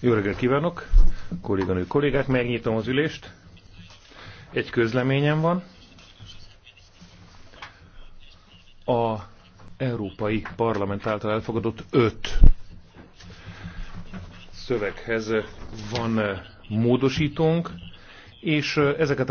Jó reggelt kívánok, kolléganő kollégák, megnyitom az ülést. Egy közleményem van. A Európai Parlament által elfogadott öt szöveghez van eh, módosítónk, és eh, ezeket a